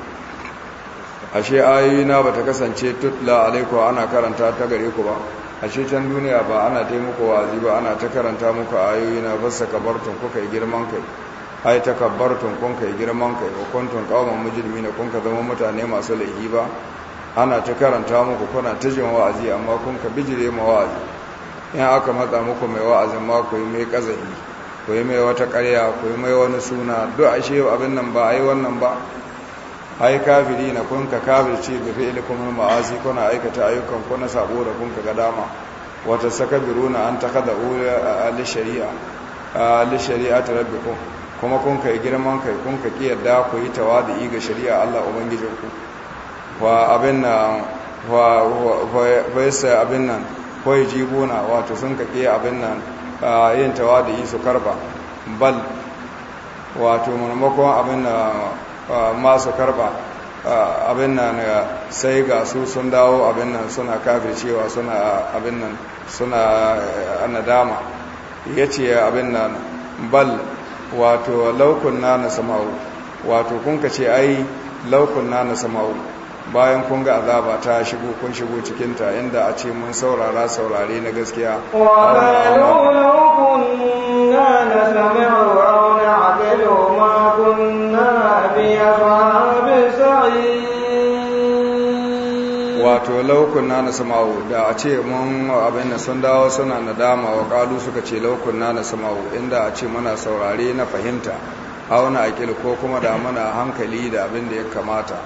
ashe ayoyina bata kasance tutula alaikum ana karanta ta gare ku ba a cikin duniya ba ana taimako wa'azi ba ana ta karanta muku ayoyi na basa sakabartun kuka yi girman kai ai takabbartun kun kai girman kai ko kuntum qauman mujrimina kun ka zama mutane masu laifi ba ana ta karanta muku kuna ta jin wa'azi amma kun ka bijire mu wa'azi in aka matsa muku mai wa'azin ma ku yi mai kazafi? ku yi mai wata ƙarya ku yi mai wani suna duk ashe abin nan ba ai wannan ba ai kafiri na kun ka kafirce bi fi'likum ma'asi kuna aikata ayyukan ku na sabo da kun ka ga dama wata sakabiruna an takada ula al shari'a al shari'a rabbikum kuma kun kai girman kai kun ka kiyarda ku yi tawadi ga shari'a Allah ubangijinku wa abin nan wa wa yasa abin nan ko yijibuna wato sun ka kiyaye abin nan yin tawadi su karba bal wato maimakon abin nan masu karba abin nan sai ga su sun dawo abin nan suna kafircewa suna abin nan suna nadama ya ce abin nan bal wato laukun na na sama'u wato kun ka ce ai laukun na na sama'u bayan kun ga azaba ta shigo kun shigo cikinta inda a ce mun saurara saurare na gaskiya wa laukun na na sama'u wato laukun na sama'u da a ce mun abin da sun dawo suna nadama wa kalu suka ce laukun na sama'u inda a ce muna saurare na fahimta auna akil ko kuma da muna hankali da abin da ya kamata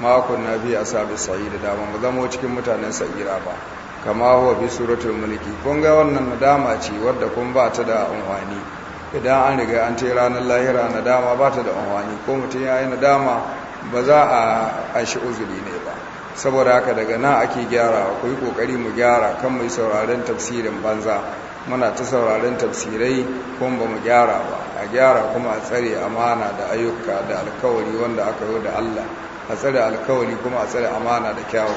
makon na biya sabi sa'i da dama ba zamo cikin mutanen sa'ira ba kama huwa bi suratul mulki kun ga wannan nadama ce wadda kun ba ta da unwani idan an riga an ce ranar lahira nadama ba ta da unwani ko mutum ya yi nadama ba za a shi uzuri ne ba. saboda haka daga na ake gyara akwai yi kokari mu gyara kan mai sauraren tafsirin banza muna ta sauraren tafsirai kuma ba mu gyara ba a gyara kuma a tsare amana da ayyuka da alkawari wanda aka yi da Allah a tsare alkawari kuma a tsare amana da kyawu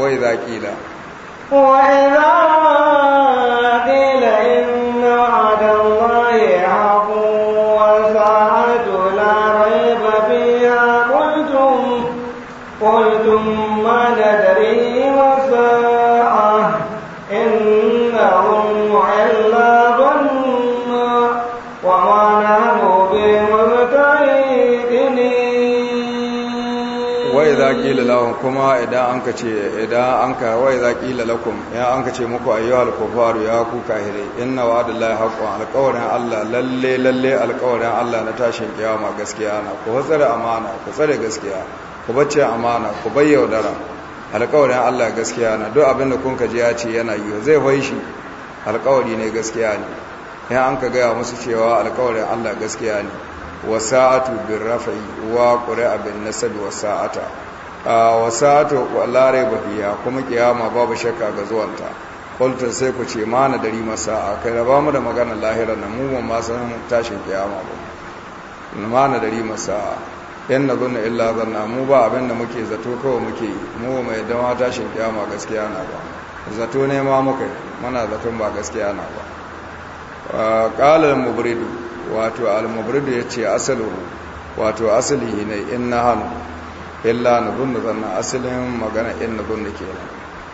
wai za kila وإذا قيل إن وعد qila lahum kuma idan anka ce idan ka wai za qila lakum ya anka ce muku ayyuhal kufaru ya ku kahire inna wa'dallahi haqqun alqawlan Allah lalle lalle alqawlan Allah na tashin kiyama gaskiya na ku hazara amana ku tsare gaskiya ku bace amana ku bayyaudara alqawlan Allah gaskiya na duk abin da kun ji ya ce yana yi zai fai shi alqawli ne gaskiya ne ya anka ga musu cewa alqawlan Allah gaskiya ne wasa'atu bin rafa'i wa qura'a bin nasabi wasa'ata wa sa'atu la raiba kuma kiyama babu shakka ga zuwanta qultu sai ku ce mana dari masa kai raba mu da maganar lahira nan mu ma san tashin kiyama ba mana dari masa yan na zunna illa zanna mu ba abin da muke zato kawai muke mu mai dama tashin kiyama gaskiya na ba zato ne ma muka mana zaton ba gaskiya na ba qala al-mubridu wato al-mubridu yace asalu wato asali ne inna hanu illa na gunna zanna asalin magana in na gunna ke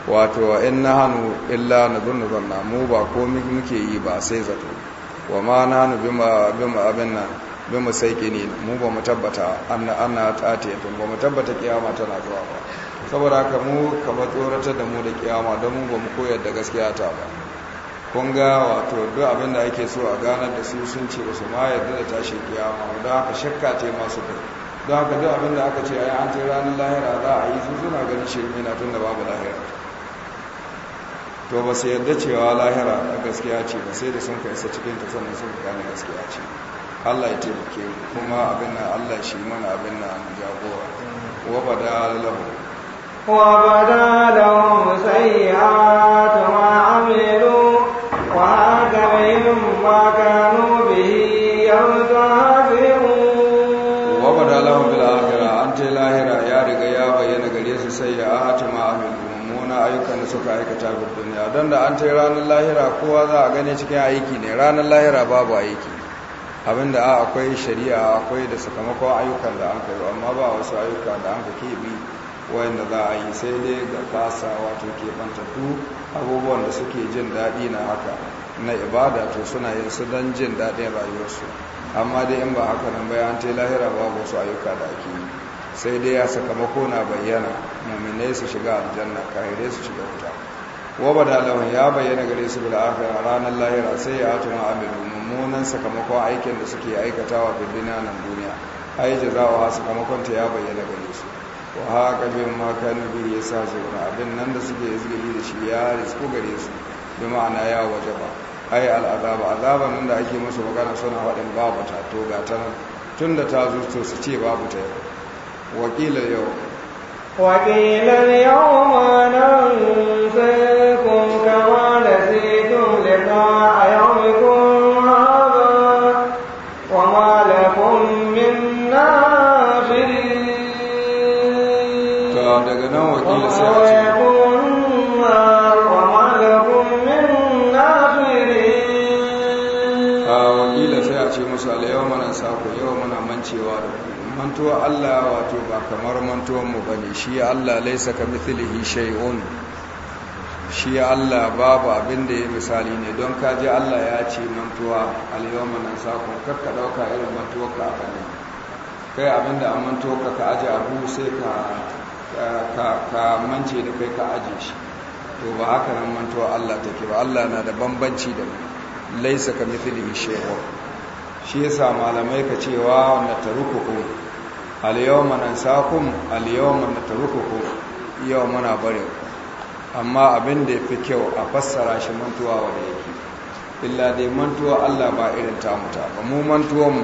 wato in na hannu illa na gunna zanna mu ba komi muke yi ba sai zato wa ma na hannu bima abin nan bima sai kini mu ba mu tabbata ana yi ba mu tabbata kiyama tana zuwa ba saboda haka mu kama tsoratar da mu da kiyama don mu ba mu koyar da gaskiya ta ba kun ga wato duk abin da ake so a ganar da su sun ce ba su ma yarda da tashi kiyama Da haka shakka yi masu kai don haka duk abin da aka ce a yi an ce ranar lahira za a yi su suna ganin shirme na tun da babu lahira to ba su yadda cewa lahira a gaskiya ce ba sai da sun ka isa cikin ta sannan sun gane gaskiya ce allah ya taimake kuma abin na allah shi mana abin na jagora wa da lahu wa da lahu sayyi'atu ma amilu wa haka bihim ma kanu bihi ta lahira ya riga ya bayyana gare su sai ya ahata ma'amilu mummuna ayyukan da suka aikata ga duniya don da an ta ranar lahira kowa za a gane cikin aiki ne ranar lahira babu aiki abinda a akwai shari'a akwai da sakamakon ayyukan da an kai amma ba wasu ayyuka da an ka bi wayanda za a yi sai dai ga kasa wato keɓantattu abubuwan da suke jin daɗi na haka na ibada to suna yin su don jin daɗin rayuwarsu amma dai in ba haka nan bayan ta lahira babu wasu ayyuka da ake yi sai dai ya sakamako na bayyana muminai su shiga aljanna kahire su shiga wuta wa badalawan ya bayyana gare su bil a ranar lahira sai ya atu ma'amilu mummunan sakamakon aikin da suke aikatawa wa birnin nan duniya ai jazawa sakamakon ta ya bayyana gare su wa haka bin ma kan bi yasa su abin nan da suke izgili da shi ya risku gare su bi ma'ana ya wajaba ai al'azaba azaba nan da ake musu magana suna haɗin babu ta to ga ta nan tunda ta zo su ce babu ta yau وقيل اليوم وقيل اليوم ننسيكم كما نسيتم لقاء يومكم هذا وما لكم من ناصرين. daga nan wakil sai a ce mantuwa Allah wato ba kamar mantuwanmu ba ne shi Allah laisa ka mithlihi shay'un shi Allah babu abin da ya misali ne don ka ji Allah ya ce mantuwa al-yawma nansakun kakka dauka irin mantuwar ka aka ne kai abin da an mantuwa ka ka aje abu sai ka mance da kai ka aje shi to ba haka nan mantuwa Allah take ba Allah na da bambanci da laisa ka mithlihi shay'un shi yasa malamai ka cewa na tarukuku al-yawma nansakum na yawma natrukukum yau muna bare amma abin da ya fi kyau a fassara shi mantuwa wanda yake illa dai mantuwa Allah ba irin ta muta ba mu mantuwa mu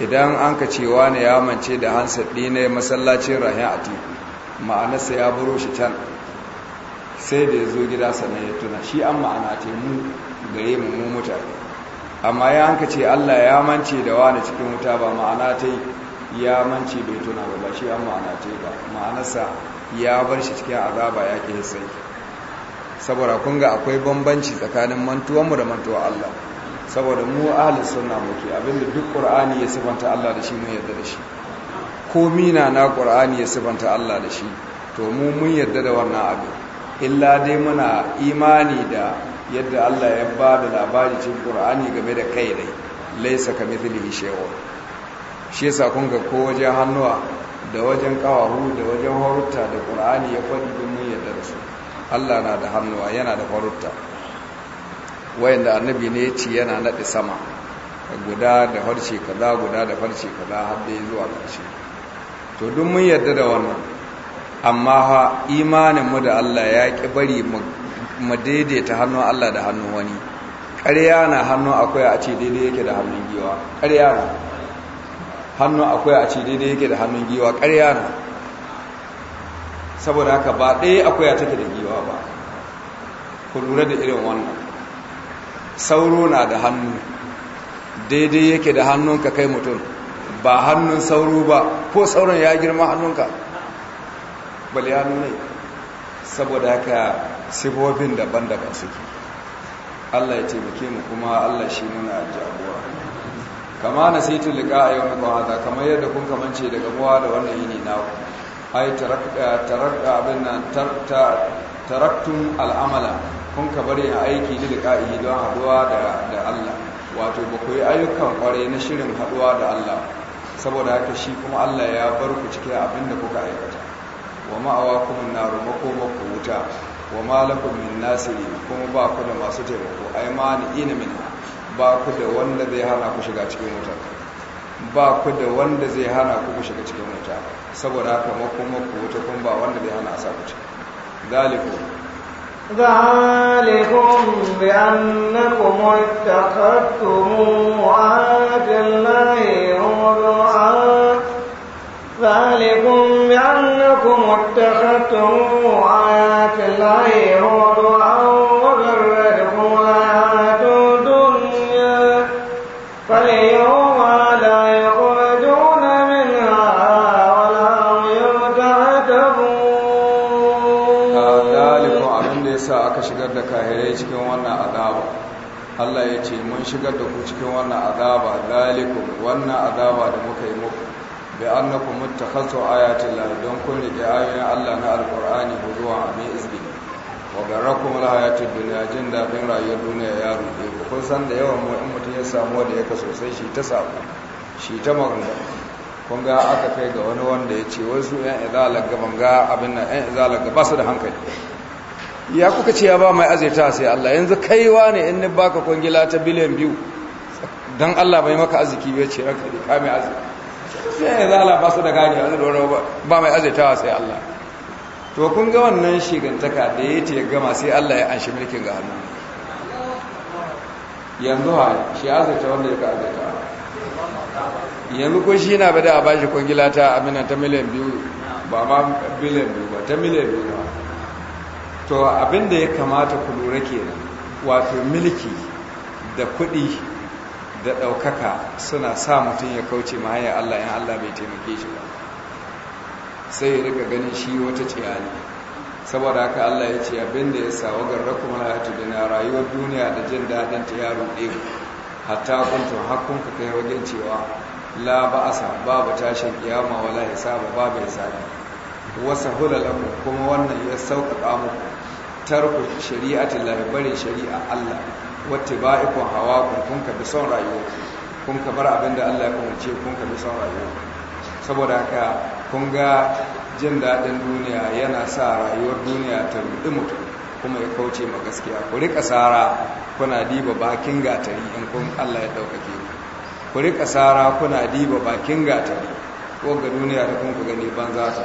idan an ka cewa ne ya mance da hansa dine masallacin rahin atiku ma'anarsa ya buro shi can sai da ya zo gida sannan ya tuna shi an ma'ana te mu gare mu mu mutane amma ya hanka ce Allah ya mance da wani cikin wuta ba ma'ana ta yi ya mance bai tuna ba ba shi an ma'ana ce ba ma'anarsa ya bar shi cikin azaba ya ke sai saboda kun ga akwai bambanci tsakanin mantuwanmu da mantuwa Allah saboda mu ahlus sunna muke abinda duk qur'ani ya sifanta Allah da shi mun yarda da shi ko mina na qur'ani ya sifanta Allah da shi to mu mun yarda da wannan abu illa dai muna imani da yadda Allah ya ba da labari cikin qur'ani game da kai dai laisa kamithlihi shay'un shi yasa kun ga ko wajen hannuwa da wajen kawahu da wajen horuta da qur'ani ya faɗi domin ya darsu Allah na da hannuwa yana da horuta wayanda annabi ne ya ce yana nadi sama guda da harshe kaza guda da farce kaza har da zuwa ƙarshe to duk mun yarda da wannan amma ha imanin mu da Allah ya ki bari mu daidaita hannun Allah da hannun wani ƙarya na hannu akwai a ce daidai yake da hannun giwa ƙarya na hannun akwai a ce daidai yake da hannun giwa ƙarya na saboda haka ba ɗaya akwai a take da giwa ba ku lura da irin wannan sauro na da hannu daidai yake da hannunka kai mutum ba hannun sauro ba ko sauron ya girma hannunka bali hannu nuna saboda haka sifofin daban-daban suke Allah ya taimake mu kuma Allah shi nuna jagora kama na sai tulika a yau muku hada kamar yadda kun kamance daga buwa da wannan yini na ai tarakta abin nan taraktun al'amala kun ka bari a aiki a yi don haɗuwa da Allah wato ba ku yi ayyukan kwarai na shirin haɗuwa da Allah saboda haka shi kuma Allah ya bar ku cikin abin da kuka aikata wa ma'awa kuma na rumako maku wuta wa malakun min nasiri kuma ba ku da masu taimako ai ma ni ina min ba ku da wanda zai hana ku shiga cikin wuta ba ku da wanda zai hana ku ku shiga cikin wuta saboda haka makoma ku wuta kun ba wanda zai hana a sa ku ciki ذلكم ذلكم بأنكم اتخذتم آيات الله هزوا ذلكم بأنكم اتخذتم آيات الله Allah ya ce mun shigar da ku cikin wannan azaba zalikum wannan azaba da muka yi muku bi annakum muttakhasu ayati la don kun rike ayoyin Allah na alqur'ani huzuwa abin izbi wa garakum alhayatid dunya jin bin rayuwar duniya ya rufe ku san da yawan mu in ya samu da yaka sai shi ta sako shi ta magana kun ga aka kai ga wani wanda ya ce wasu yan izala banga abin nan ya ba su da hankali ya kuka ce ya ba mai azirta sai Allah yanzu kaiwa ne in ba baka kwangila ta biliyan biyu don Allah bai maka arziki ya ce ranka ne ka mai arziki sai yanzu Allah ba su da gani yanzu da wani ba mai azirta sai Allah to kun ga wannan shigantaka da ya ce gama sai Allah ya anshi mulkin ga hannu yanzu ha shi azirta wanda ya ka azirta yanzu ko shi na bada a bashi kwangila ta amina ta miliyan biyu ba ma biliyan biyu ba ta miliyan biyu ba to abin da ya kamata ku lura kenan wato milki da kuɗi da ɗaukaka suna sa mutum ya kauce ma hanyar Allah in Allah bai taimake shi ba sai ya riga ganin shi wata ciyali saboda haka Allah ya ce abin da ya sawa garra mala ya hatu na rayuwar duniya da jin daɗin ta yaro ɗaya hatta kuntu hakkun ka kai wajen cewa la ba babu tashin kiyama wala hisaba babu hisabi wasa kuma wannan ya sauƙaƙa muku tarku shari'atin labarin shari'a Allah wata ba'ikon hawa kun ka bi son rayuwa kun ka bar abin da Allah ya umarce kun ka bi son rayuwa saboda haka kun ga jin daɗin duniya yana sa rayuwar duniya ta rudi mutum kuma ya kauce ma gaskiya ku rika sara kuna diba bakin gatari in kun Allah ya ɗaukake ku rika sara kuna diba bakin gatari ga duniya da kun ku gani banza ta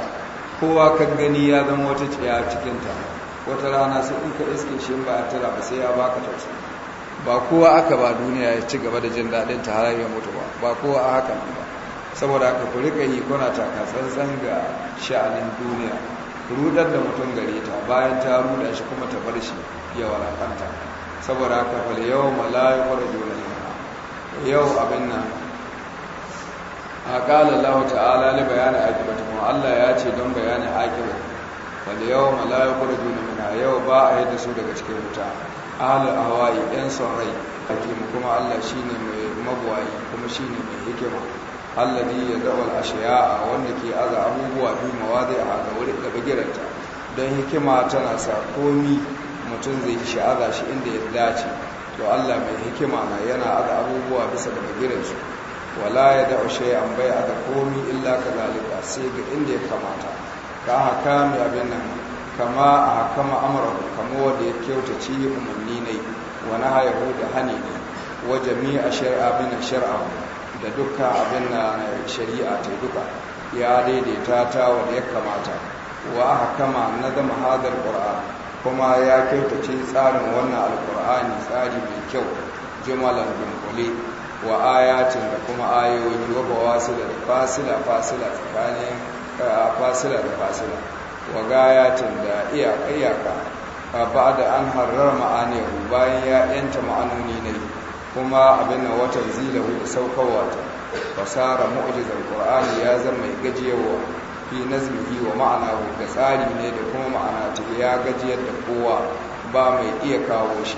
kowa kan gani ya zama wata ciya cikinta wata rana sai in ka iske shi ba a tara ba sai ya baka tausayi ba kowa aka ba duniya ya ci gaba da jin daɗin ta har mutu ba ba kowa a hakan ba saboda aka ku rika yi kuna taka tsantsan ga sha'anin duniya rudar da mutum gare ta bayan ta ruda shi kuma ta bar shi ya walakanta saboda aka fali yau mala'iku rajulun yau abin nan a Allah ta'ala li bayanin aqibatihim Allah ya ce don bayanin aqibatihim wal yawma la yakhrujuna yau ba a yi da su daga cikin wuta ahalar hawa'i yan son rai hakim kuma Allah shine mai magwayi kuma shine mai hikima alladhi a al a wanda ke aza abubuwa zai a ga wurin da bagiranta don hikima tana sa komi mutum zai shi aza shi inda ya dace to Allah mai hikima na yana aza abubuwa bisa da bagiransu wala ya da'u shay'an bai aka komi illa kadhalika sai ga inda ya kamata ka haka mai abin nan kama a kama amurahu kama wanda ya kyautaci umarni ne wani haihu da hani ne wa a shari'a bin shari'a da duka abin na shari'a ta duka ya daidaita ta wanda ya kamata wa na zama hadar ƙura'a kuma ya kyauta ci tsarin wannan alqur'ani tsari mai kyau jimalar dunkule wa ayatin da kuma ayoyi wa wasu da fasila fasila tsakanin fasila da fasila wa gayatin da iyaka iyaka ba da an harar ma'aniyahu bayan ya yanta ma'anoni ne kuma abin da wata zila da saukowa ta fasara mu'jizar qur'ani ya zama mai gajiyarwa fi nazmihi wa ma'ana da tsari ne da kuma ma'ana ta ya gajiyar da kowa ba mai iya kawo shi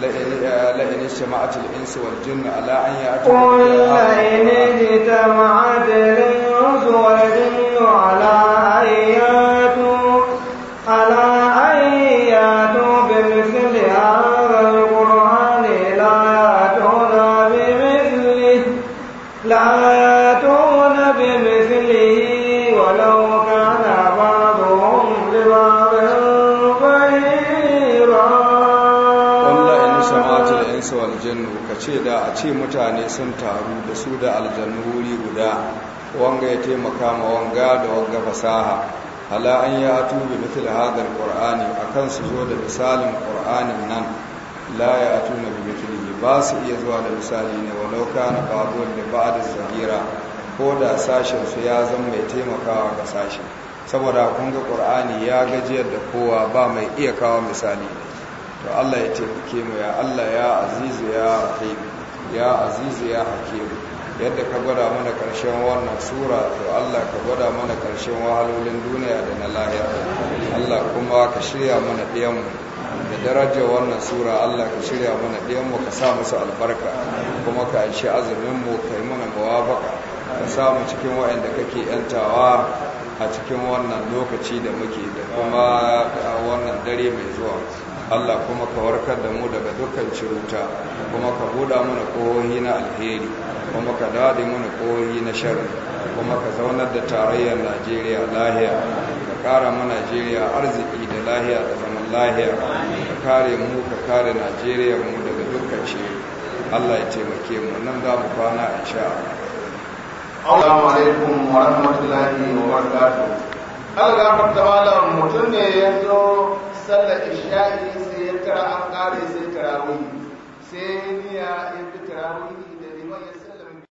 لئن اجتمعت الإنس والجن على أن يأتوا قل لئن اجتمعت الإنس والجن على أن يأتوا على أن يأتوا بمثل هذا القرآن لا يأتون بمثله لا يأتون بمثله ولو كان بعضهم لبعض insu aljannu ka ce da a ce mutane sun taru da su da aljannu wuri guda wanga ya taimaka ma wanga da wanga fasaha hala an yi atu bi mithil hadha akan su zo da misalin qur'anin nan la ya atu na bi ba su iya zuwa da misali ne walau kana ba'du da ba'd zahira ko da sashen su ya zama mai taimakawa ga sashen saboda kun ga qur'ani ya gajiyar da kowa ba mai iya kawo misali ne to Allah ya taimake mu ya Allah ya azizu ya hakim ya azizu ya hakim yadda ka gwada mana karshen wannan sura to Allah ka gwada mana karshen wahalolin duniya da na lahira Allah kuma ka shirya mana ɗiyanmu da daraja wannan sura Allah ka shirya mana ɗiyanmu ka sa musu albarka kuma ka aishi azumin mu kai mana mawafaka ka sa mu cikin wa'anda kake ‘yantawa a cikin wannan lokaci da muke da kuma wannan dare mai zuwa Allah kuma ka warkar da mu daga dukkan ciruta kuma ka buɗa mana ƙohohi na alheri kuma ka daɗe mana ƙohohi na shari kuma ka zaunar da tarayyar Najeriya lahiya ka ƙara mu Najeriya arziki da lahiya da zaman lahiya ka kare mu ka kare Najeriya mu daga dukkan shiri Allah ya taimake mu nan za mu kwana a Allah wa rahmatullahi wa barakatuh an gafar da malam mutum ne ya zo sallar isha'i sai ya tara an kare sai tarawih sai ya ya fi tarawih